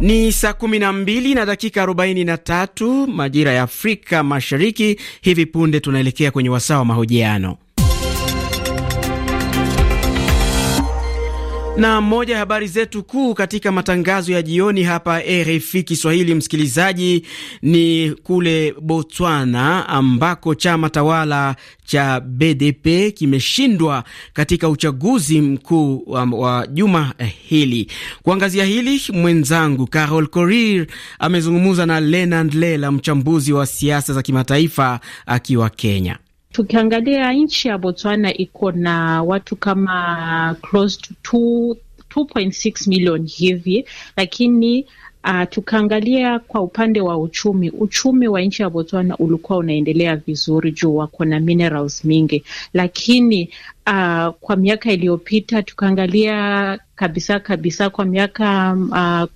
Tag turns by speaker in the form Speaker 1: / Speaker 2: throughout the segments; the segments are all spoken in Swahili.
Speaker 1: Ni saa kumi na mbili na dakika na tatu majira ya Afrika Mashariki. Hivi punde tunaelekea kwenye wasaa wa mahojiano. Na moja ya habari zetu kuu katika matangazo ya jioni hapa RFI Kiswahili, msikilizaji, ni kule Botswana ambako chama tawala cha BDP kimeshindwa katika uchaguzi mkuu wa, wa juma hili. Kuangazia hili, mwenzangu Carol Korir amezungumza na Lenand Lela, mchambuzi wa siasa za kimataifa akiwa Kenya.
Speaker 2: Tukiangalia nchi ya Botswana iko na watu kama close to 2.6 million hivi, lakini Uh, ah, tukaangalia kwa upande wa uchumi, uchumi wa nchi ya Botswana ulikuwa unaendelea vizuri juu wako na minerals mingi, lakini uh, kwa miaka iliyopita tukaangalia kabisa kabisa, kwa miaka uh,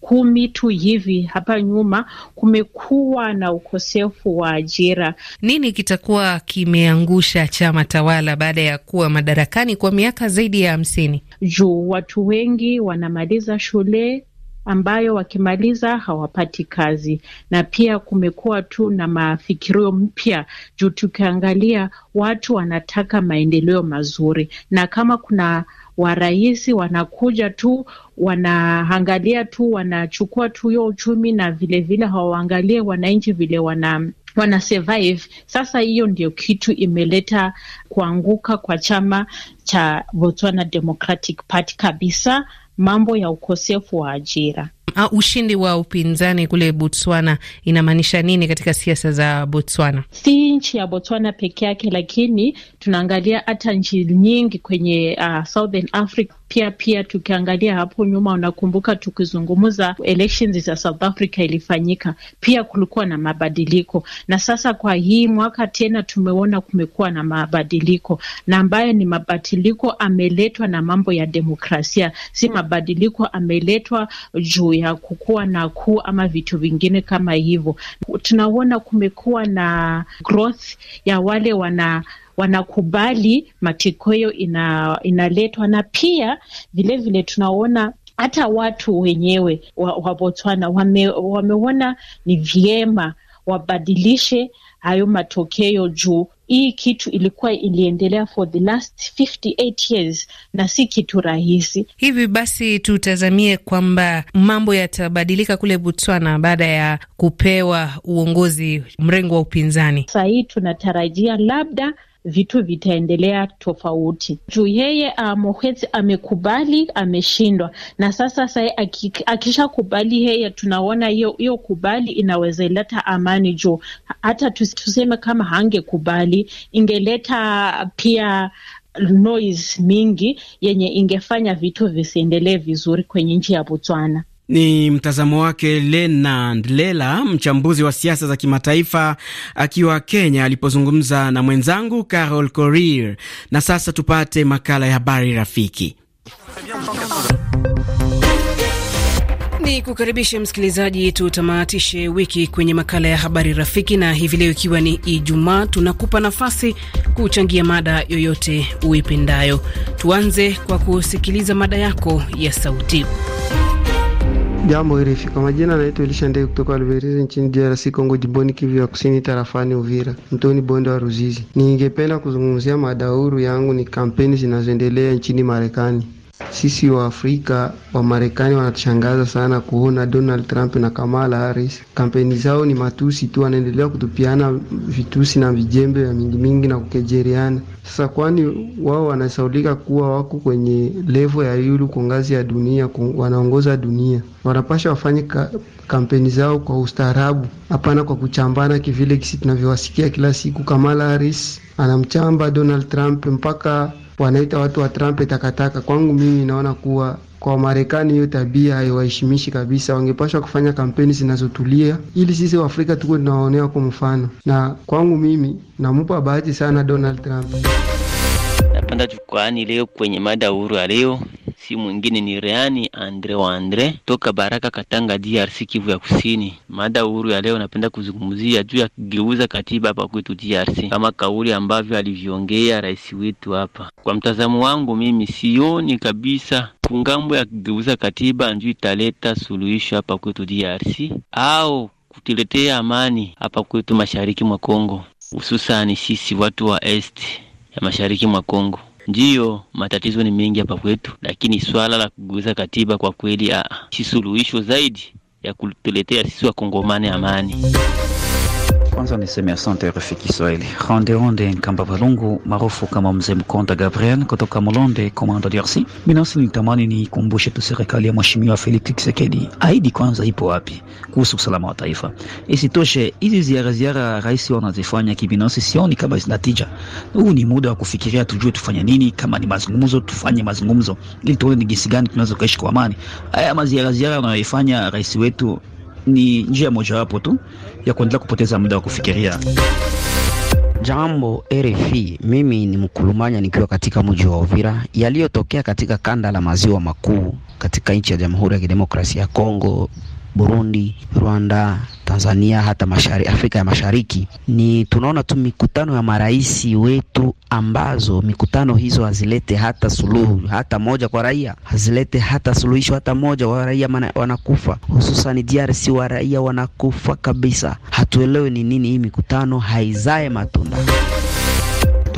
Speaker 2: kumi tu hivi hapa nyuma kumekuwa na ukosefu
Speaker 3: wa ajira. Nini kitakuwa kimeangusha chama tawala baada ya kuwa madarakani kwa miaka zaidi ya hamsini?
Speaker 2: Juu watu wengi wanamaliza shule ambayo wakimaliza hawapati kazi, na pia kumekuwa tu na mafikirio mpya juu, tukiangalia watu wanataka maendeleo mazuri, na kama kuna wa rais wanakuja tu wanaangalia tu wanachukua tu hiyo uchumi, na vilevile hawaangalie wananchi vile wana wana survive. Sasa hiyo ndio kitu imeleta kuanguka kwa chama cha Botswana Democratic Party kabisa, mambo ya ukosefu wa ajira. Uh, ushindi wa upinzani kule Botswana inamaanisha nini katika siasa za Botswana? Si nchi ya Botswana peke yake, lakini tunaangalia hata nchi nyingi kwenye uh, Southern Africa pia pia tukiangalia hapo nyuma, unakumbuka tukizungumza elections za South Africa ilifanyika pia, kulikuwa na mabadiliko, na sasa kwa hii mwaka tena tumeona kumekuwa na mabadiliko, na ambayo ni mabadiliko ameletwa na mambo ya demokrasia, si mabadiliko ameletwa juu ya kukuwa na kuu ama vitu vingine kama hivyo. Tunaona kumekuwa na growth ya wale wana wanakubali matokeo ina, inaletwa na pia vilevile vile tunaona hata watu wenyewe wa, wa Botswana wame, wameona ni vyema wabadilishe hayo matokeo juu hii kitu ilikuwa iliendelea for the last
Speaker 3: 58 years na si kitu rahisi. Hivi basi tutazamie kwamba mambo yatabadilika kule Botswana baada ya kupewa uongozi mrengo wa upinzani. Sahii tunatarajia labda vitu vitaendelea tofauti.
Speaker 2: Juu yeye uh, ah, Mokwezi amekubali, ameshindwa na sasa sai akishakubali yeye, tunaona hiyo kubali inaweza ileta amani. Juu hata tuseme kama hangekubali ingeleta pia noise mingi yenye ingefanya vitu visiendelee vizuri kwenye nchi ya Botswana.
Speaker 1: Ni mtazamo wake Lenard Lela, mchambuzi wa siasa za kimataifa akiwa Kenya, alipozungumza na mwenzangu Carol Korir. Na sasa tupate makala ya habari rafiki.
Speaker 3: Ni kukaribishe msikilizaji, tutamatishe wiki kwenye makala ya habari rafiki, na hivi leo ikiwa ni Ijumaa, tunakupa nafasi kuchangia mada yoyote uipendayo. Tuanze kwa kusikiliza mada yako ya sauti.
Speaker 4: Jambo hirifi kwa majina, naitwa Elisha Ndei kutoka Luberizi nchini DRC Kongo, jimboni Kivu ya Kusini, tarafani Uvira, mtoni bonde wa Ruzizi. Ningependa kuzungumzia madauru yangu ni kampeni zinazoendelea nchini Marekani. Sisi wa Afrika wa Marekani wanatushangaza sana kuona Donald Trump na Kamala Harris, kampeni zao ni matusi tu, wanaendelea kutupiana vitusi na vijembe vya mingi mingi na kukejereana. Sasa kwani wao wanasaulika kuwa wako kwenye levo ya yulu kwa ngazi ya dunia, wanaongoza dunia, wanapasha wafanye ka, kampeni zao kwa ustaarabu, hapana kwa kuchambana kivile kisi tunavyowasikia kila siku. Kamala Harris anamchamba Donald Trump mpaka wanaita watu wa Trump takataka. Kwangu mimi naona kuwa kwa Marekani hiyo tabia haiwaheshimishi kabisa. Wangepashwa kufanya kampeni zinazotulia ili sisi Waafrika tuko tunawaonea kwa mfano, na kwangu mimi namupa bahati sana Donald Trump. Napanda jukwani leo kwenye mada huru leo si mwingine ni Reani Andre wa Andre toka Baraka Katanga, DRC, Kivu ya Kusini. Mada huru ya leo napenda kuzungumzia juu ya kugeuza katiba hapa kwetu DRC, kama kauli ambavyo alivyoongea rais wetu hapa. Kwa mtazamo wangu mimi sioni kabisa kungambo ya kugeuza katiba njuu italeta suluhisho hapa kwetu DRC au kutiletea amani hapa kwetu mashariki mwa Kongo, hususani sisi watu wa est ya mashariki mwa Kongo. Ndiyo, matatizo ni mengi hapa kwetu, lakini swala la kugeuza katiba kwa kweli, ah, si suluhisho zaidi ya kutuletea sisi wakongomani amani. Kwanza niseme asante RFI Kiswahili. Ronde Ronde Nkamba Balungu maarufu kama Mzee Mkonda Gabriel
Speaker 3: kutoka Molonde Komando DRC. Binafsi nilitamani niikumbushe tu serikali ya Mheshimiwa Felix Tshisekedi, ahidi kwanza ipo wapi kuhusu usalama wa taifa. Isitoshe, hizi ziara ziara rais wanazifanya kibinafsi sioni kama zina tija. Huu ni muda wa kufikiria, tujue tufanye nini. Kama
Speaker 4: ni mazungumzo, tufanye mazungumzo ili tuone ni jinsi gani tunaweza kuishi kwa amani. Haya maziara ziara anayoifanya rais wetu ni njia mojawapo tu ya kuendelea kupoteza muda wa kufikiria. Jambo
Speaker 3: RFI, mimi ni mkulumanya nikiwa katika mji wa Uvira. Yaliyotokea katika kanda la maziwa makuu katika nchi ya Jamhuri ya Kidemokrasia ya Kongo Burundi, Rwanda, Tanzania, hata mashari, Afrika ya Mashariki. Ni tunaona tu mikutano ya marais wetu ambazo mikutano hizo hazilete hata suluhu hata moja kwa raia, hazilete hata suluhisho hata moja wa raia mana, wanakufa hususan DRC, wa raia wanakufa kabisa. Hatuelewe ni nini hii mikutano haizae matunda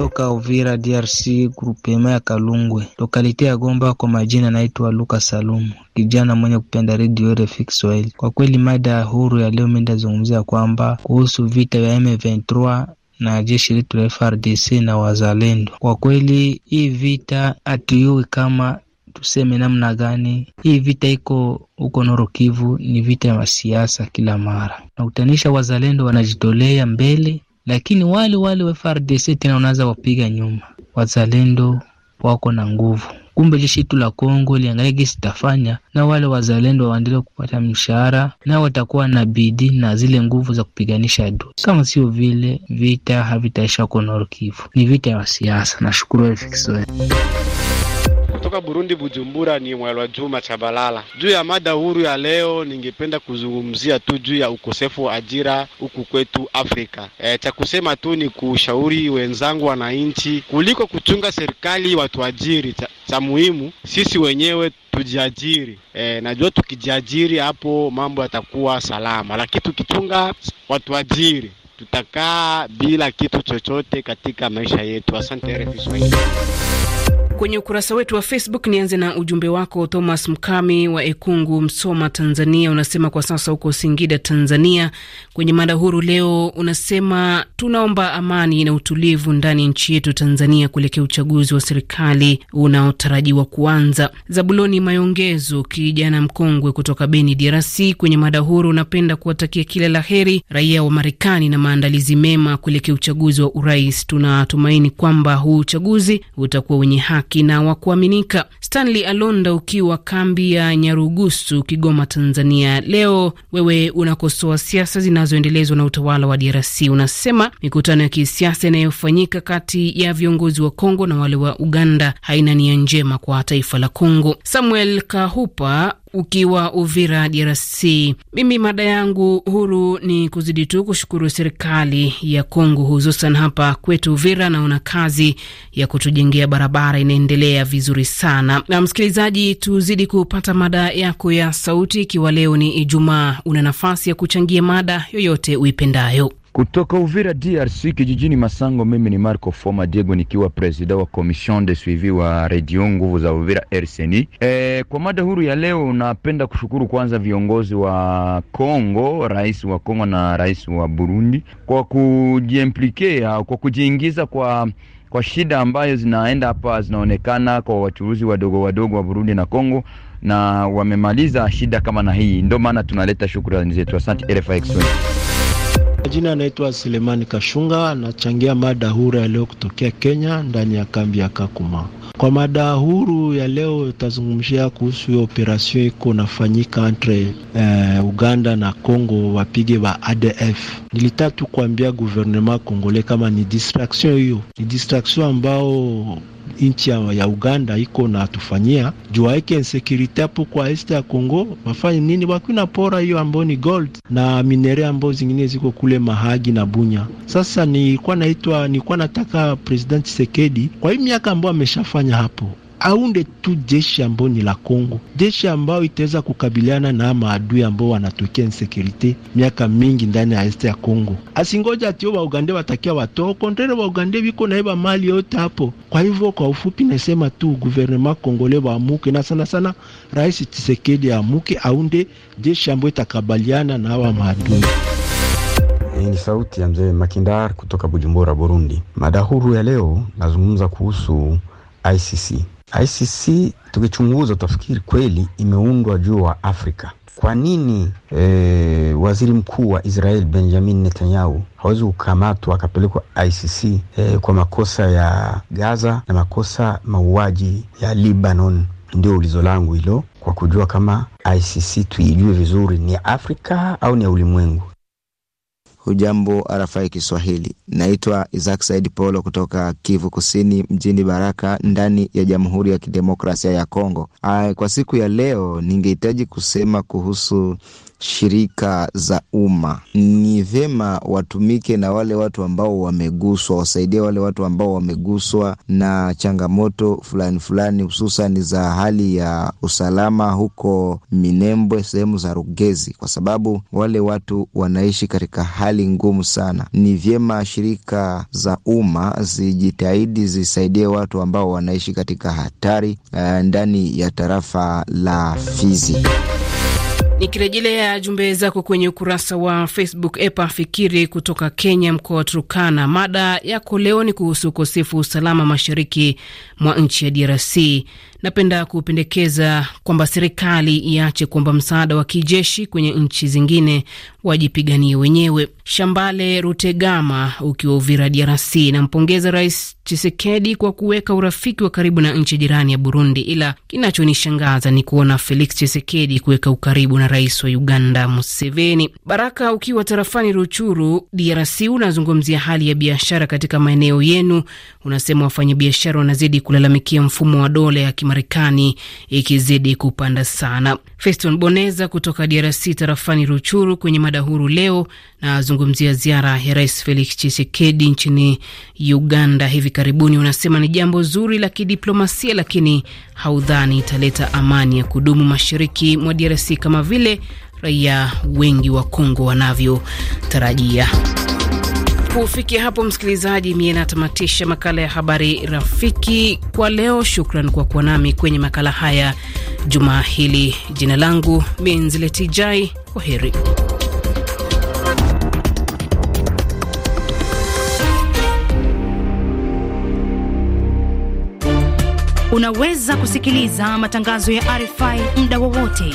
Speaker 3: kutoka Uvira DRC, grupema ya Kalungwe, lokalite ya Gomba. Kwa majina naitwa Luka Salumu, kijana mwenye kupenda redio RFI Kiswahili. Kwa kweli mada ya huru ya leo mindazungumzia kwamba kuhusu vita vya M23 na jeshi letu la FRDC na wazalendo. Kwa kweli hii vita hatuyui kama tuseme namna gani. Hii vita iko huko noro Kivu, ni vita ya siasa kila mara, nakutanisha wazalendo wanajitolea mbele lakini wale wale wa FRDC tena wanaanza wapiga nyuma. Wazalendo wako na nguvu, kumbe jeshi tu la Kongo liangalie gesi tafanya na wale wazalendo waendelee kupata mshahara, na watakuwa na bidii na zile nguvu za kupiganisha adui. Kama sio vile, vita havitaisha huko Nord Kivu, ni vita ya siasa. Nashukuru.
Speaker 5: Kutoka Burundi, Bujumbura, ni Mwalwa Juma Chabalala. Juu ya mada huru ya leo, ningependa kuzungumzia tu juu ya ukosefu wa ajira huku kwetu Afrika. E, cha kusema tu ni kushauri wenzangu wananchi, kuliko kuchunga serikali watuajiri, cha, cha muhimu sisi wenyewe tujiajiri. E, najua tukijiajiri hapo mambo yatakuwa salama, lakini tukichunga watuajiri tutakaa bila kitu chochote katika maisha yetu. Asante RFI Swahili
Speaker 3: kwenye ukurasa wetu wa Facebook. Nianze na ujumbe wako Thomas Mkami wa Ekungu, Msoma, Tanzania. Unasema kwa sasa huko Singida, Tanzania, kwenye mada huru leo. Unasema tunaomba amani na utulivu ndani ya nchi yetu Tanzania kuelekea uchaguzi wa serikali unaotarajiwa kuanza. Zabuloni Mayongezo, kijana mkongwe kutoka Beni, DRC, kwenye mada huru, unapenda kuwatakia kila la heri raia wa Marekani na maandalizi mema kuelekea uchaguzi wa urais. Tunatumaini kwamba huu uchaguzi utakuwa wenye haki haki na wa kuaminika. Stanley Alonda, ukiwa kambi ya Nyarugusu, Kigoma, Tanzania, leo wewe unakosoa siasa zinazoendelezwa na utawala wa DRC. Unasema mikutano ya kisiasa inayofanyika kati ya viongozi wa Kongo na wale wa Uganda haina nia njema kwa taifa la Kongo. Samuel Kahupa ukiwa Uvira, DRC. Mimi mada yangu huru ni kuzidi tu kushukuru serikali ya Kongo, hususan hapa kwetu Uvira, naona kazi ya kutujengea barabara inaendelea vizuri sana. Na msikilizaji, tuzidi kupata mada yako ya sauti. Ikiwa leo ni Ijumaa, una nafasi ya kuchangia mada yoyote uipendayo.
Speaker 1: Kutoka Uvira DRC kijijini Masango, mimi ni Marco Foma Diego nikiwa presida wa Commission de Suivi wa Radio Nguvu za Uvira RCN. E, kwa mada huru ya leo napenda kushukuru kwanza viongozi wa Kongo, rais wa Kongo na rais wa Burundi kwa kujiimplikea, kwa kujiingiza kwa kwa shida ambayo zinaenda hapa zinaonekana kwa wachuruzi wadogo wadogo wa Burundi na Kongo na wamemaliza shida kama na hii, ndio maana tunaleta shukrani zetu. Asante RFI Kiswahili
Speaker 5: majina anaitwa Selemani Kashunga, anachangia mada huru kutokea Kenya ndani ya kambi ya Kakuma. Kwa mada huru ya leo itazungumzia kuhusu operation iko nafanyika entre eh, Uganda na Congo, wapige wa ADF. nilitatu kuambia guvernema kongole kama ni distraction hiyo, ni distraction ambao nchi ya Uganda iko na tufanyia jua yake insecurity hapo kwa east ya congo wafanye nini? Wakuna pora hiyo ambayo ni gold na minere ambayo zingine ziko kule Mahagi na Bunya. Sasa nilikuwa naitwa, nilikuwa nataka President Tshisekedi kwa hii miaka ambayo ameshafanya hapo aunde tu jeshi ambao ni la Kongo, jeshi ambao itaweza kukabiliana na maadui ambao wanatokea insecurity miaka mingi ndani ya este ya Kongo. Asingoja atio waugande watakia watoa kontrere, waugande viko naiba mali yote hapo. Kwa hivyo kwa ufupi nasema tu guvernema kongole waamuke, na sana sana Rais Tshisekedi amuke, aunde jeshi ambao itakabiliana na hawa maadui.
Speaker 1: Hii ni sauti ya mzee Makindar kutoka Bujumbura, Burundi. Mada huru ya leo nazungumza kuhusu ICC ICC tukichunguza, utafikiri kweli imeundwa juu wa Afrika. Kwa nini e, waziri mkuu wa Israel Benjamin Netanyahu hawezi kukamatwa akapelekwa ICC e, eh, kwa makosa ya Gaza na makosa mauaji ya Libanon? Ndio ulizo langu hilo, kwa kujua kama ICC tuijue vizuri ni ya Afrika au ni ya ulimwengu. Hujambo RFI Kiswahili, naitwa Isaac Said Polo kutoka Kivu Kusini, mjini Baraka, ndani ya Jamhuri ya Kidemokrasia ya Kongo. kwa siku ya leo ningehitaji kusema kuhusu shirika za umma, ni vyema watumike na wale watu ambao wameguswa, wasaidie wale watu ambao wameguswa na changamoto fulani fulani, hususan za hali ya usalama huko Minembwe, sehemu za Rugezi, kwa sababu wale watu wanaishi katika hali ngumu sana. Ni vyema shirika za umma zijitahidi, zisaidie watu ambao wanaishi katika hatari uh, ndani ya tarafa la Fizi.
Speaker 3: Nikirejelea jumbe zako kwenye ukurasa wa Facebook, Epa Fikiri kutoka Kenya, mkoa wa Turkana. Mada yako leo ni kuhusu ukosefu wa usalama mashariki mwa nchi ya DRC. Napenda kupendekeza kwamba serikali iache kuomba msaada wa kijeshi kwenye nchi zingine, wajipiganie wenyewe. Shambale Rutegama ukiwa Uvira, DRC, nampongeza Rais Chisekedi kwa kuweka urafiki wa karibu na nchi jirani ya Burundi, ila kinachonishangaza ni kuona Felix Chisekedi kuweka ukaribu na rais wa Uganda Museveni. Baraka ukiwa tarafani Ruchuru, DRC, unazungumzia hali ya biashara katika maeneo yenu. Unasema wafanyabiashara wanazidi kulalamikia mfumo wa dola ya kima Marekani ikizidi kupanda sana. Feston Boneza kutoka DRC tarafani Ruchuru kwenye mada huru leo na azungumzia ziara ya Rais Felix Tshisekedi nchini Uganda hivi karibuni. Unasema ni jambo zuri la kidiplomasia, lakini haudhani italeta amani ya kudumu mashariki mwa DRC kama vile raia wengi wa Kongo wanavyotarajia. Kufikia hapo, msikilizaji, mie natamatisha makala ya habari rafiki kwa leo. Shukran kwa kuwa nami kwenye makala haya jumaa hili. Jina langu Minziletijai, kwa heri. Unaweza kusikiliza matangazo ya RFI muda wowote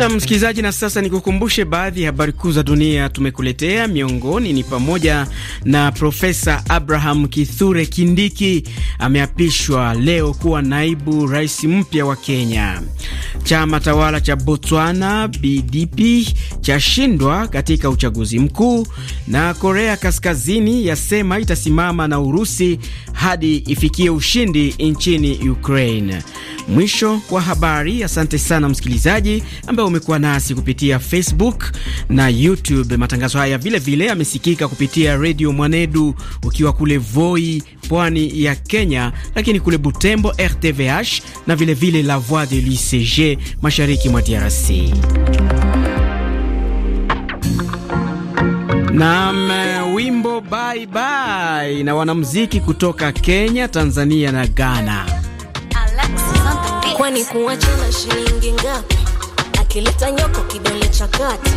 Speaker 1: Na msikilizaji, na sasa nikukumbushe baadhi ya habari kuu za dunia tumekuletea. Miongoni ni pamoja na Profesa Abraham Kithure Kindiki ameapishwa leo kuwa naibu rais mpya wa Kenya. Chama tawala cha Botswana BDP chashindwa katika uchaguzi mkuu, na Korea Kaskazini yasema itasimama na Urusi hadi ifikie ushindi nchini Ukraine. Mwisho wa habari. Asante sana msikilizaji ambaye umekuwa nasi kupitia Facebook na YouTube. Matangazo haya vilevile yamesikika kupitia redio Mwanedu ukiwa kule Voi, pwani ya Kenya, lakini kule Butembo RTVH na vilevile vile La Voix de l'UCG mashariki mwa DRC. Nam wimbo bye bye na wanamuziki kutoka Kenya, Tanzania na
Speaker 6: Ghana. Kwani kuachana shilingi ngapi? kileta nyoko kidole cha kati,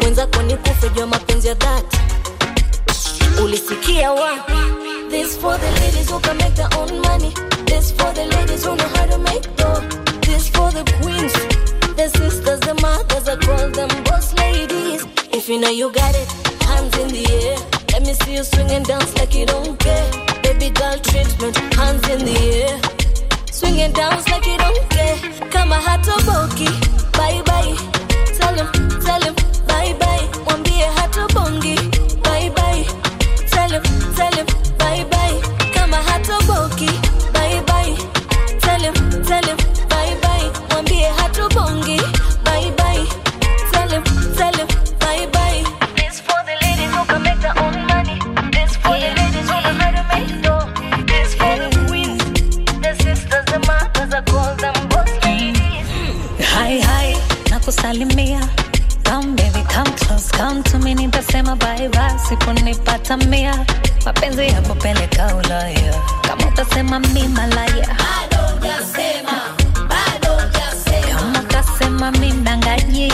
Speaker 6: mwenzako ni kufe, jua mapenzi ya dhati. Ulisikia wapi? This for the ladies who can make their own money. This for the ladies who know how to make dough. This for the queens, the sisters, the mothers, I call them boss ladies. If you know you got it, hands in the air. Let me see you swing and dance like you don't care. Baby girl treatment, hands in the air. Swing and dance like you don't care. Come hot Kama hatoboki. Bye bye. Tell him, tell him. kunipata mia, mapenzi yakupeleka Ulaya, kama utasema mi malaya, kama utasema mi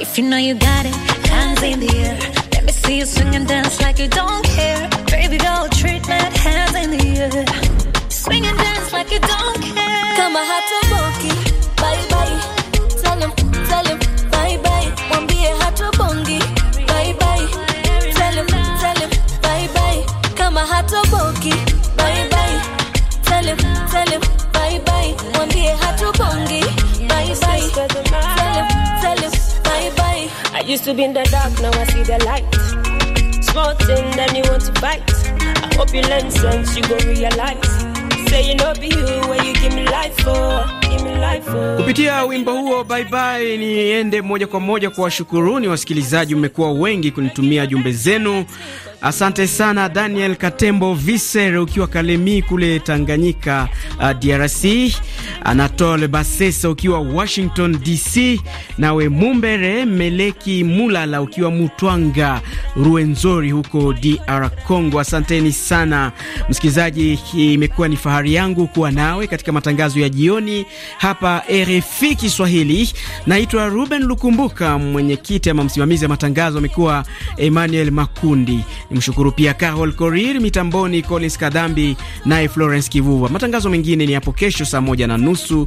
Speaker 6: if you know you got it, hands in the air, let me see you swing and dance like you don't care, baby girl Treatment hands in the air, swing and dance like you don't care, kama hatoboki, bye bye to be in the dark, now I see the light. Small thing, then you want to fight. I hope you learn sense, you go realize.
Speaker 1: Kupitia wimbo huo bye bye, niende moja kwa moja kwa washukuruni wasikilizaji, umekuwa wengi kunitumia jumbe zenu. Asante sana Daniel Katembo Viser ukiwa Kalemi kule Tanganyika, uh, DRC. Anatole Basesa ukiwa Washington DC, nawe Mumbere Meleki Mulala ukiwa Mutwanga Ruenzori huko DR Congo. Asanteni sana msikilizaji, imekuwa ni fahari yangu kuwa nawe katika matangazo ya jioni hapa RFI Kiswahili. Naitwa Ruben Lukumbuka, mwenyekiti ama msimamizi wa matangazo amekuwa Emmanuel Makundi. Nimshukuru pia Carol Korir mitamboni, Collins Kadambi naye Florence Kivuva. Matangazo mengine ni hapo kesho saa moja na nusu